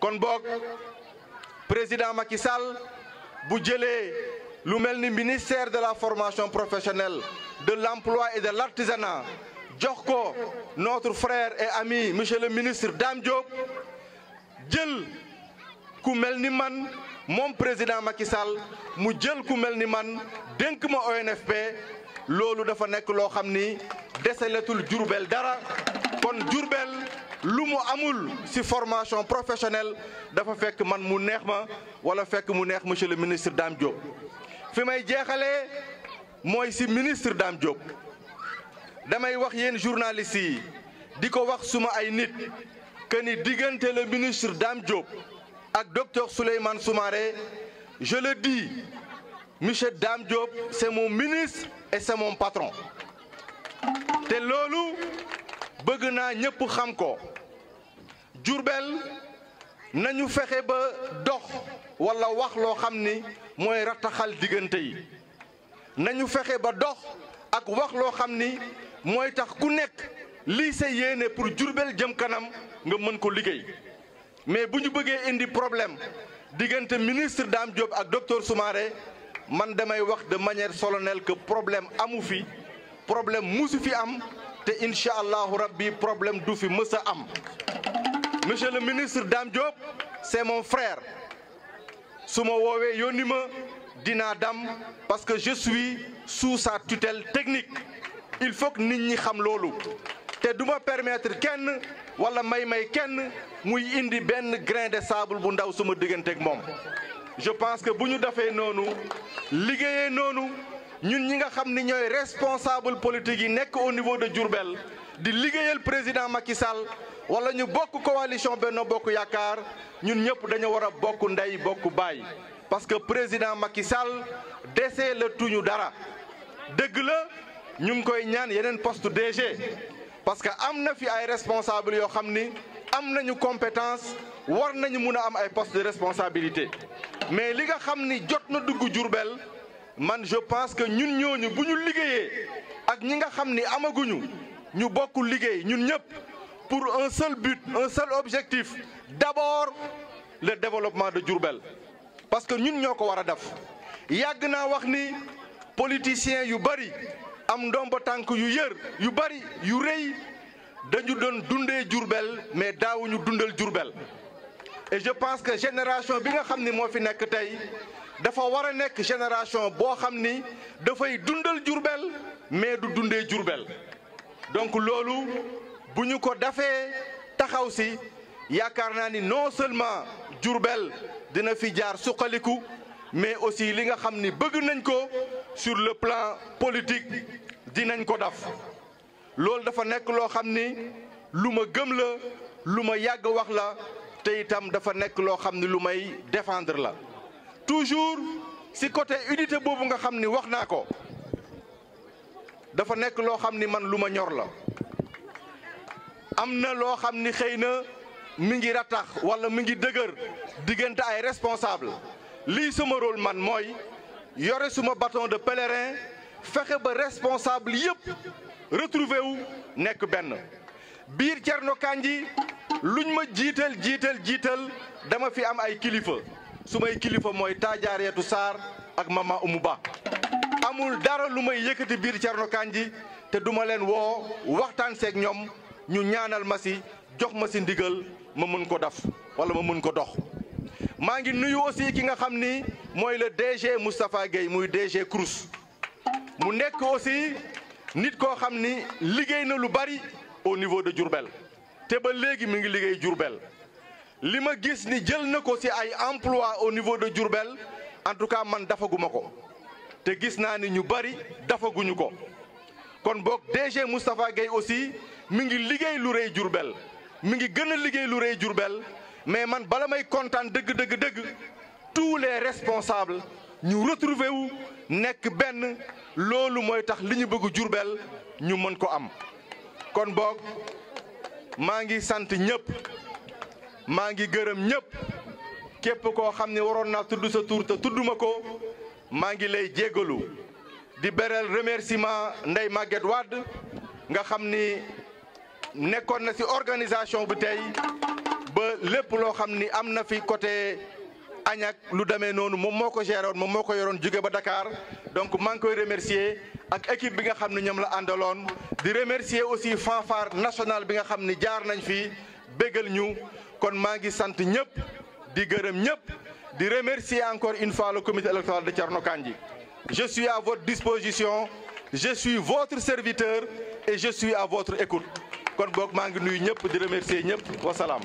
kon bok président Macky Sall bu lu ministère de la formation professionnelle de l'emploi et de l'artisanat jox notre frère et ami monsieur le ministre Dame Diop jël ku mon man mon président Macky Sall mu jël ku melni man denk ma ONFP lolou dafa nek lo xamni dara kon djourbel L'humour, amul ci formation professionnelle dafa fekk man mu neex ma wala fekk mu neex monsieur le ministre damdiop Diop fi may jeexalee mooy ci ministre Dame Diop damay wax yéen journalistes yi di wax suma ay nit que ni diggante le ministre damdiop Diop ak docteur souleyman Soumaré je le dis monsieur damdiop c'est mon ministre et c'est mon patron té loolu bëgg naa ñëpp xam ko Jurbel nañu fexe ba dox walla wax loo xam ni mooy rattaxal diggante yi nañu fexe ba dox ak wax loo xam ni mooy tax ku nekk lii sa yéene pour Jurbel jëm kanam nga mën ko liggéey mais bu ñu bëggee indi problème diggante ministre Dame Diop ak docteur Soumaré man damay wax de manière solennelle ko problème amu fi problème musu fi am te incha allahu rabbi problème du fi mës am monsieur le ministre Dame Diop c'est mon frère su ma woowee yónni ma dam parce que je suis sous sa tutelle technique il faut que nit ñi xam loolu te du permettre kenn wala may-may kenn mouy indi benn grain de sable bu ndaw suma digganteeg mom. je pense que bu ñu defee noonu liggéeyee nous ñi nga xam responsable politique yi au niveau de Diourbel di liggéeyal président Macky Sall wala ñu bokk coalition Benno Bokk Yakar, ñun ñëpp dañu war bokk ndey bokk parce que président Macky Sall desee tout tuñu dara De la nous ngi koy ñaan yeneen poste DG parce que am fi ay responsable yoo xam ni am compétence war nañu am poste de responsabilité mais li nga nous ni jot man je pense que ñun ñooñu bu ñu liggéeyee ak ñi nga xam ni amaguñu ñu bokkul liggéey ñun ñëpp pour un seul but un seul objectif d'abord le développement de Diourbel parce que ñun ñoo ko war a def yàgg naa wax ni politiciens yu bari am ndombo tànk yu yër yu bari yu rëy dañu doon dundee Diourbel mais daawuñu dundal Diourbel et je pense que génération bi nga xam ni moo fi nekk tey dafa war a nekk génération boo xam ni dafay dundal Jurbel mais du dundee Jurbel donc loolu bu ñu ko dafee taxaw si yaakaar naa ni noo seulement Jurbel dina fi jaar suqaliku mais aussi li nga xam ni bëgg nañ ko sur le plan politique dinañ ko daf loolu dafa nekk loo xam ni lu ma gëm la lu ma yàgg wax la te itam dafa nekk loo xam ni lu may défendre la toujours si côté unité bobu nga xamni ni ko dafa nek lo xamni man luma Amne ñor la amna lo xamni xeyna mi ngi ratax wala mi ngi deuguer ay responsable li suma rôle man moy, yoré suma bâton de pèlerin fexé ba responsable yépp retrouvé wu nek ben. Bir tierno kanji, luñ ma jiital jiital dama fi am ay kilifa su may kilifa mooy taajaareetu Sarr ak mama Umu Ba amul dara lu may yëkkati biir Thierno Kandji te duma leen woo waxtaan seeg ñoom ñu ñaanal ma jox ma si ndigal ma mën ko def wala ma mën ko dox maa ngi nuyu aussi ki nga xam ni mooy le DG Moustapha Guèye muy DG Crous mu nekk aussi nit koo xam ni liggéey na lu bari au niveau de Diourbel te ba léegi mi ngi liggéey Diourbel lima ma gis ni jël na ko ci ay emploi au niveau de Diourbel en tout cas man dafagumako te gis naa ni ñu bari dafaguñu ko kon boog DG Moustapha Gueye aussi mi ngi liggéey lu rëy Diourbel mi ngi gën a lu rëy Diourbel mais man balamay content kontaan dëgg dëgg tous les responsables ñu retrouver wu nek ben loolu mooy tax liñu bëgg Diourbel ñu mën ko am kon bok maa ngi ñëpp maa ngi gërëm ñëpp képp koo xam ne waroon naa tudd sa tur te tudduma ko maa ngi lay jéggalu di beral remerciement ndey Maguette Wade nga xam ni nekkoon na ci organisation bi tey ba lépp loo xam ni am na fi côté Agnac lu demee noonu moom moo ko géré moom moo ko yoroon jóge ba dakaar donc maa ngi koy remercier ak équipe bi nga xam ne ñoom la àndaloon di remercier aussi fanfare nationale bi nga xam ni jaar nañ fi. bégal ñu kon ma ngi sant ñëpp di gërëm ñëpp di remercier encore une fois le comité électoral de Thierno Kandji je suis à votre disposition je suis votre serviteur et je suis à votre écoute kon boog ma ngi nuyu ñëpp di remercier ñëpp salam